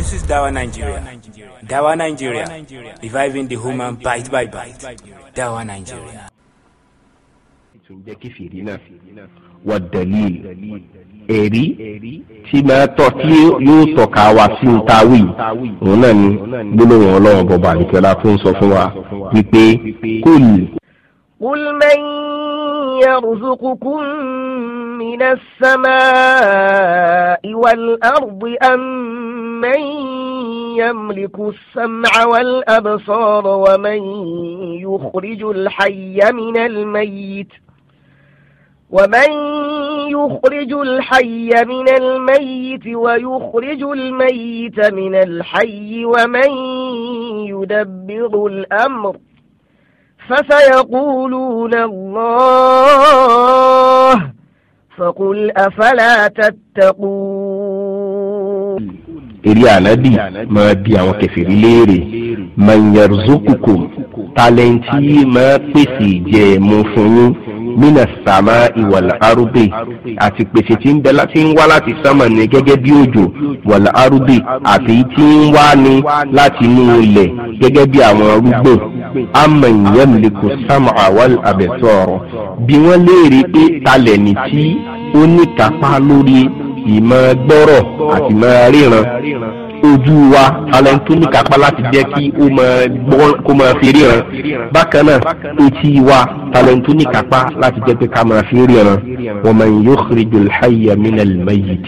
This is Dawa Nigeria. Dawa Nigeria. Reviving the human bite by bite. Dawa Nigeria. والدليل ẹ̀rí tí máa tọ́ tí yóò tọ́ka wá sí ń ta wí òun náà ni gbólóhùn ọlọ́run bọ̀bà àdìkẹ́lá tó ń sọ fún wa wípé kò ní قل من يرزقكم من السماء والأرض أم من يملك السمع والأبصار ومن يخرج الحي من الميت ومن يخرج الحي من الميت ويخرج الميت من الحي ومن يدبر الأمر فسيقولون الله فقل أفلا تتقون èrè ànábì máa bi àwọn kẹfìrí léèrè manyarzukukum talenti máa pèsè ìjẹ mu fún yín mina sàmà ìwàlà arúgbó àti pèsè tí ń bẹ láti ń wá láti sánmà ní gẹ́gẹ́ bí òjò wàlà arúgbó àti tí ń wá ní láti inú ilẹ̀ gẹ́gẹ́ bí àwọn arúgbó amọ̀ ìyẹn lè kó sámà àwọn àbẹ̀tọ̀ ọ̀rọ̀ bí wọ́n léèrè pé talẹ̀ ní tí ó ní kápá lórí ìmọ̀ gbọ́rọ̀ àti ìmọ̀ ríran ojú wa alẹ́ tó ní kápá láti jẹ́ kí ó máa gbọ́ kó máa fi ríran bákan náà etí wa alẹ́ tó ní kápá láti jẹ́ pé ká máa fi ríran wa man yukhrijul hayya minal mayyit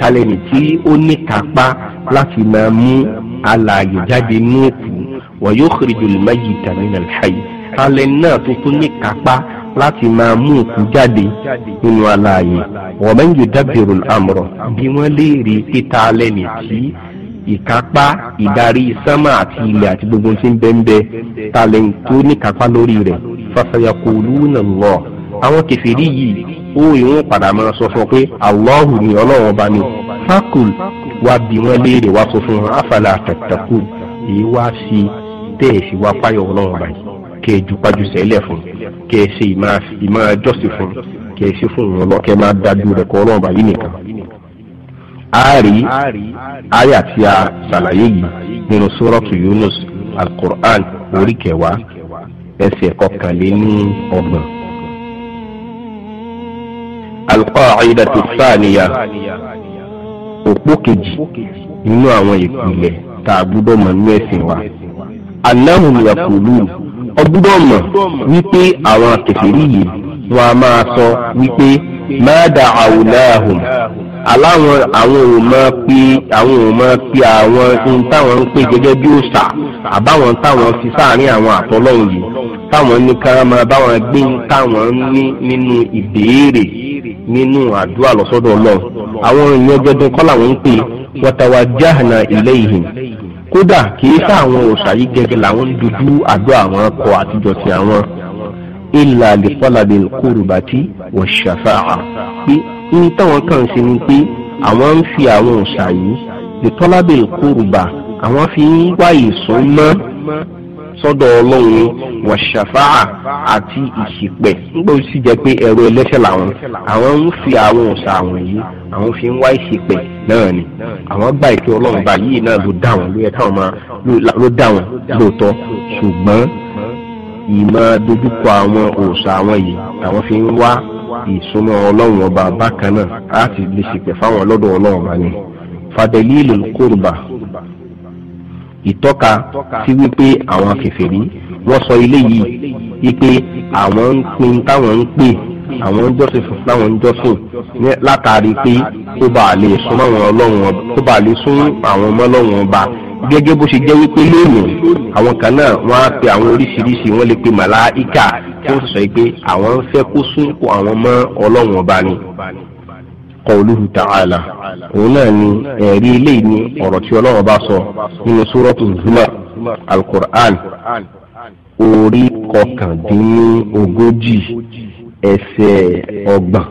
talẹ́ni tí ó ní kápá láti máa mú alààyè jáde ní òkú wa yukhrijul mayyita minal hayy alẹ́ náà tuntun ní kápá láti máa mú òkú jáde nínú aláàyè wa man yudabbirul amra bí wọ́n léèrè kíta alẹ́ nìkí ìkápá ìdarí sánmà àti ilẹ̀ àti gbogbo tí ń bẹ́ńbẹ́ talẹ̀ tó ní kápá lórí rẹ̀ fasayaquluna Allah àwọn kẹfìrí yìí ó ìwọ̀n padà máa sọ fún pé Allahu ni ọlọ́run ọba ni fakul wa bí wọ́n léèrè wá sọ fún afala tattaqun èyí wá sí i tẹ́ ẹ̀ sì wá páyọ̀ ọlọ́run báyìí kẹ́ ẹ ju pájú sẹ́lẹ̀ fún kẹ́ ẹ ṣe ìmọ̀ ẹjọ́sìn fún kẹ́ ẹ ṣe fún òun ọlọ́ máa dájú rẹ̀ kọ́ ọlọ́run báyìí nìkan. a rí àyà tí a ṣàlàyé yìí nínú sọ́rọ́tù Yunus al-Qur'an orí kẹwàá ẹsẹ̀ kọkànléní ọgbọ̀n. al-qa'idatu thaniya òpó kejì nínú àwọn ìpìlẹ̀ tá a gbúdọ̀ mọ̀ nínú ẹ̀sìn wa. anáhùn yàkùlù ọgbọ́dọ̀ mọ̀ wípé àwọn kèfèrí yìí wọn a máa sọ wípé mẹ́ẹ̀dà àwùláhùn aláwọn àwọn ò máa pe àwọn ò máa pe àwọn ohun táwọn ń pè gẹ́gẹ́ bí òòṣà àbáwọn táwọn fi sáàárín àwọn àtọ́lọ́hùn yìí táwọn ní ká máa báwọn gbé táwọn ní nínú ìbéèrè nínú àdúrà lọ́sọ́dọ̀ ọlọ́run àwọn kọ́ làwọn ń pè ilé kódà kìí sáwọn òòṣà yìí gẹ́gẹ́ làwọn ń dojú àdó àwọn akọ àtijọ́ ti àwọn ìlà àlefọ́làbẹ̀ kúrùbàtì wọ̀ṣàfàà pé ní táwọn kàn sí ni pé àwọn ń fi àwọn òòṣà yìí lè tọ́lábẹ̀ kúrùbà àwọn fi ń wáyé sún mọ́ sọ́dọ̀ ọlọ́run wàṣàfáà àti ìṣìpẹ̀ nígbà tó sì jẹ́ pé ẹ̀rọ ẹlẹ́ṣẹ̀ làwọn àwọn ń fi àwọn ọ̀sà àwọn yìí àwọn fi ń wá ìṣìpẹ̀ náà ni àwọn gbà ìpè ọlọ́run bá yìí náà ló dá wọn ló yẹ káwọn máa ló dá wọn lóòótọ́ ṣùgbọ́n ìmọ̀ dojúkọ àwọn ọ̀sà àwọn yìí àwọn fi ń wá ìsúnmọ́ ọlọ́run ọba bákan náà láti lè ṣìpẹ̀ fáwọn ọlọ́dọ̀ ọlọ́run bá ní fàdẹ́lì ìlú kórùbà ìtọ́ka sí wípé àwọn kèfèrí wọ́n sọ ilé yìí wípé àwọn ń pin táwọn ń pè àwọn ń jọ́sìn fún táwọn ń jọ́sìn látàrí pé kó bàa lè súnmọ́ àwọn ọlọ́run kó bàa lè sún àwọn ọmọ ọlọ́run ọba gẹ́gẹ́ bó ṣe jẹ́ wípé lónìí àwọn kan náà wọ́n á pe àwọn oríṣiríṣi wọ́n lè pe màláíkà tí wọ́n sọ pé àwọn ń fẹ́ kó sún àwọn ọmọ ọlọ́run ọba ni. قوله تعالى هناني أري ليني قرأت يولو باسو من سورة الزمر القرآن أوري قوكا ديني أغوجي أسي أغبا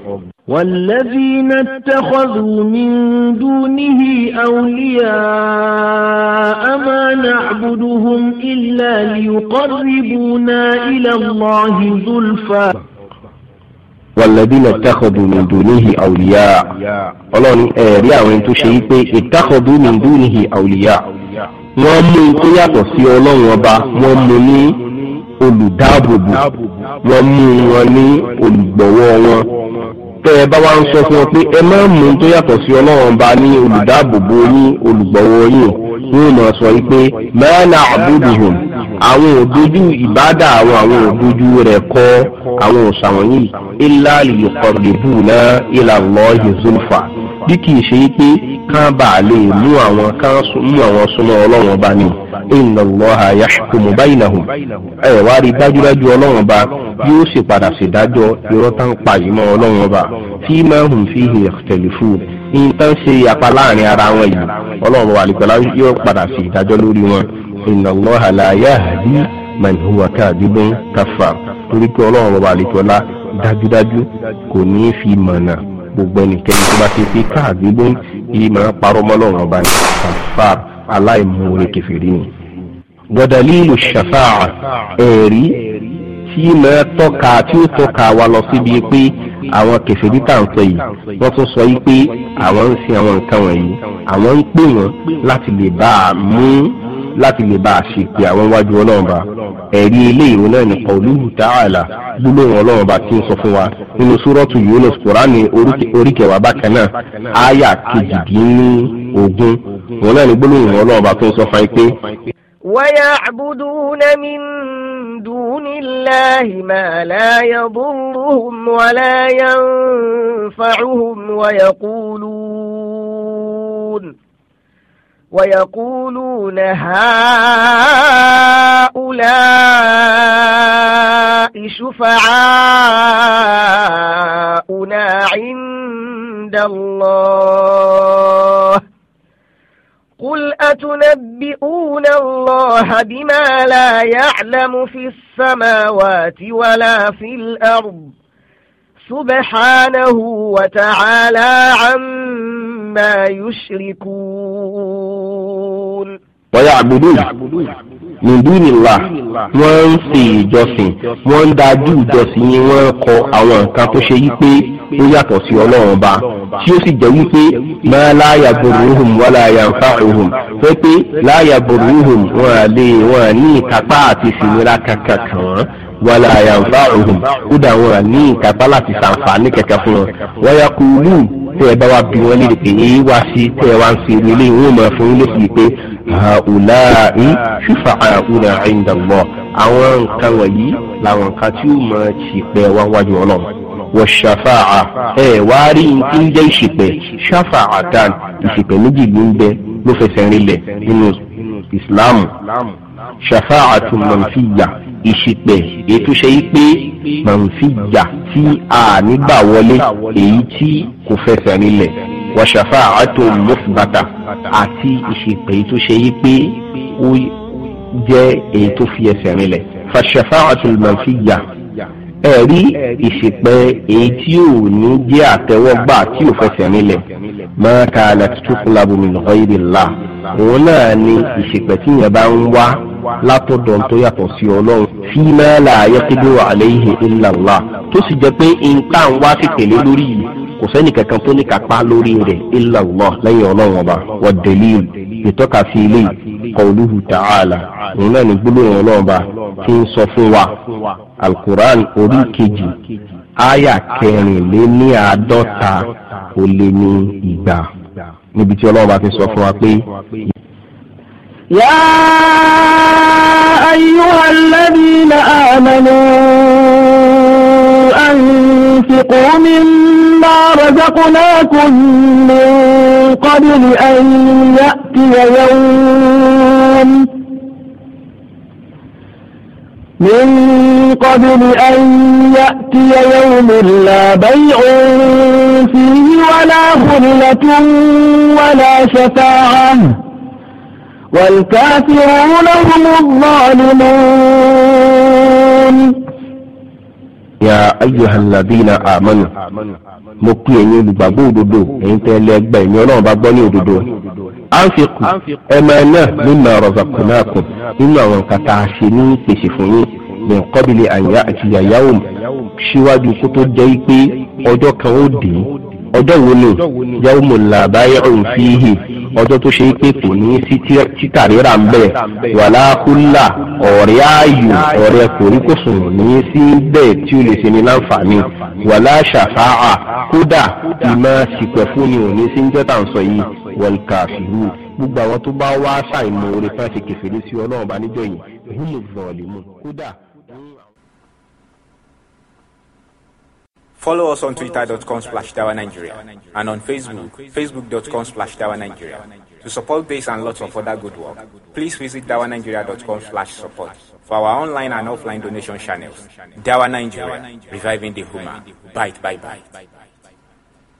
والذين اتخذوا من دونه أولياء ما نعبدهم إلا ليقربونا إلى الله زُلْفًا wàlẹ́bínà tẹ́kọ̀dù mìndù níhì àwùlíyà ọlọ́run ẹ̀rí àwọn tó ṣe wípé ìtẹ́kọ̀dù mìndù níhì àwùlíyà wọ́n mú un tó yàtọ̀ sí ọlọ́run ọba wọ́n mú ní olùdáàbòbò wọ́n mú wọn ní olùgbọ̀wọ́ wọn tẹ́ ẹ bá wá ń sọ fún wọn pé ẹ má mú un tó yàtọ̀ sí ọlọ́run ọba ní olùdáàbòbò yín olùgbọ̀wọ́ yín wọ́n mọ̀ sọ wípé mẹ́rànà àbúrò àwọn òdojú ìbádà àwọn àwọn òdojú rẹ̀ kọ́ àwọn òṣàwọn yìí ilá lìyọkọ̀débù náà ilà lọ́ọ̀yì zulfa bí kìí ṣe pé kán bá a lè mú àwọn kán mú àwọn súnmọ́ ọlọ́wọ́n bá ní inna Allaha yahkumu baynahum ẹ̀ wá rí dájúdájú ọlọ́wọ́n bá yóò sì padà ṣèdájọ́ irọ́ tá ń pa yìí mọ́ ọlọ́wọ́n bá fima hum fihi yakhtalifun nǹkan ṣe yapa láàrin ara wọn yìí ọlọ́wọ́n bá wà yóò padà ṣèdájọ́ lórí wọn inna Allaha la yahdi man huwa kadibun kafar torí pé ọlọ́run ọba àlejòlá dájúdájú kò ní í fi mọ̀nà gbogbo ẹnikẹ́ni tó bá ti fi kadibun yìí máa parọ́ mọ́lọ́run ọba ní kafar aláìmoore kẹfìrí ni. wadalilu shafa'a ẹ̀rí tí máa tọ́ka tí ó tọ́ka wa lọ síbi pé àwọn kẹfìrí tá ń sọ yìí wọ́n tún sọ yìí pé àwọn ń sin àwọn nǹkan wọ̀nyí àwọn ń pè wọ́n láti lè bá a mú láti lè bá a ṣe pé àwọn wájú ọlọ́run ba ẹ̀rí eléyìí òun náà nìkan olúhu ta'ala gbólóhùn ọlọ́run ba tí ń sọ fún wa nínú súrọ́tù Yunus kùránì oríkẹwàá bákan náà àyà kejìdínlógún òun náà ní gbólóhùn ọlọ́run ba tó ń sọ fún yín pé. ويعبدون من دون الله ما لا يضرهم ولا ينفعهم ويقولون ويقولون هؤلاء شفعاؤنا عند الله قل أتنبئون الله بما لا يعلم في السماوات ولا في الأرض سبحانه وتعالى عما يشركون wọ́n àgbòdo nìdúnìlà wọ́n ń ṣe ìjọsìn wọ́n ń dájú ìjọsìn yẹn wọ́n ń kọ àwọn nǹkan tó ṣe wípé ó yàtọ̀ sí ọlọ́run ba tí ó sì jẹ́ wípé máa láàyà burúhùn wà láàyà nfàhùn pé pé láàyà burúhùn wọn à wọn ní ìkápá àti ìsinmira kankan kàn án wà láàyà nfàhùn kódà wọn ní ìkápá láti ṣàǹfààní kankan fún wọn wọ́n yà kú lù tẹ́ ẹ bá wa bí wọ́n lè pè é wá sí tẹ́ ẹ wá ń ṣe ilé ìwọ̀n mọ̀ fún ilé sí pé haula'i shufa'a'una 'inda Allah àwọn nǹkan wọ̀nyí làwọn nǹkan tí ó máa ti pẹ́ wá wájú ọlọ́run wọ̀ṣàfàà ẹ wá rí tí ń jẹ́ ìṣìpẹ̀ ṣàfàà tán ìṣìpẹ̀ méjì ló ń bẹ ló fẹsẹ̀ rinlẹ̀ nínú ìsìláàmù ṣàfàà tún mọ̀nfìyà ìṣìpẹ̀ ètò ṣe yí pé mọ̀nfìyà tí a nígbà wọlé èyí tí kò fẹsẹ̀ rinlẹ̀ wa shafa'atu muthbata àti ìṣèpè èyí tó ṣe yí pé ó jẹ́ èyí tó fi ẹsẹ̀ rinlẹ̀ fa shafa'atu manfiyya ẹ̀rí ìṣèpẹ́ èyí tí ò ní jẹ́ àtẹ́wọ́gbà tí ò fẹsẹ̀ nílẹ̀ máa ka alàtútùkúnlábù min ghayrillah òun náà ni ìṣèpẹ́ tí yẹn bá ń wá látọ̀dọ̀ tó yàtọ̀ sí ọlọ́run fi ma la yaqidu alayhi illa Allah tó sì jẹ́ pé nǹkan wá ti tẹ̀lé lórí yìí kò sẹ́ni kankan tó ní kápá lórí rẹ̀ illa Allah lẹ́yìn ọlọ́run ọba wa dalil ìtọ́ka sí ilé qawluhu ta'ala òun náà ní gbólóhùn ọlọ́run ọba tí ń sọ fún wa alukur'an orí kejì aya kẹrìnléníàádọ́ta kò lé ní ìgbà níbi tí ọlọ́run ọba ti sọ fún wa pé. يا أيها الذين آمنوا أنفقوا مما رزقناكم من قبل أن يأتي يوم من قبل أن يأتي يوم لا بيع فيه ولا خلة ولا شفاعة والكافرون هم الظالمون يا أيها الذين آمنوا mo pe ẹ̀yin olùgbàgbọ́ òdodo ẹ̀yin tẹ́ lẹ́gbẹ́ ẹ̀mí ọlọ́run bá gbọ́ ní òdodo anfiqu ẹ máa ná mimma razaqnakum nínú àwọn nǹkan tá a ṣe ní pèsè fún yín min qabli an ya'tiya yawm síwájú kó tó jẹ́ pé ọjọ́ kan ó dé ọjọ́ wo ni yawmun la bay'un fihi ọjọ́ tó ṣe é pé kò ní sí títà rírà ń bẹ̀ wàláhùlà ọ̀rẹ́ ààyò ọ̀rẹ́ kòríkòsùn ní sí bẹ́ẹ̀ tí ó lè ṣe ní láǹfààní wàláṣàfáà kódà ìmọ̀ ṣìpẹ̀fúnni ò ní sí ń jẹ́ta ń sọ yìí wọ̀lkàfíhù gbogbo àwọn tó bá wá ṣàìmọ̀ orí fẹ́ẹ́ ṣe kẹfẹ́ lé sí ọlọ́run bá níjọ́ yìí húlù zọ̀ọ̀lì mu kódà Follow us on twitter.com slash Dawa Nigeria and on Facebook, facebook.com slash Dawa Nigeria. To support this and lots of other good work, please visit dawanigeria.com slash support for our online and offline donation channels. Dawa Nigeria, reviving the human. Bite, bye, bye.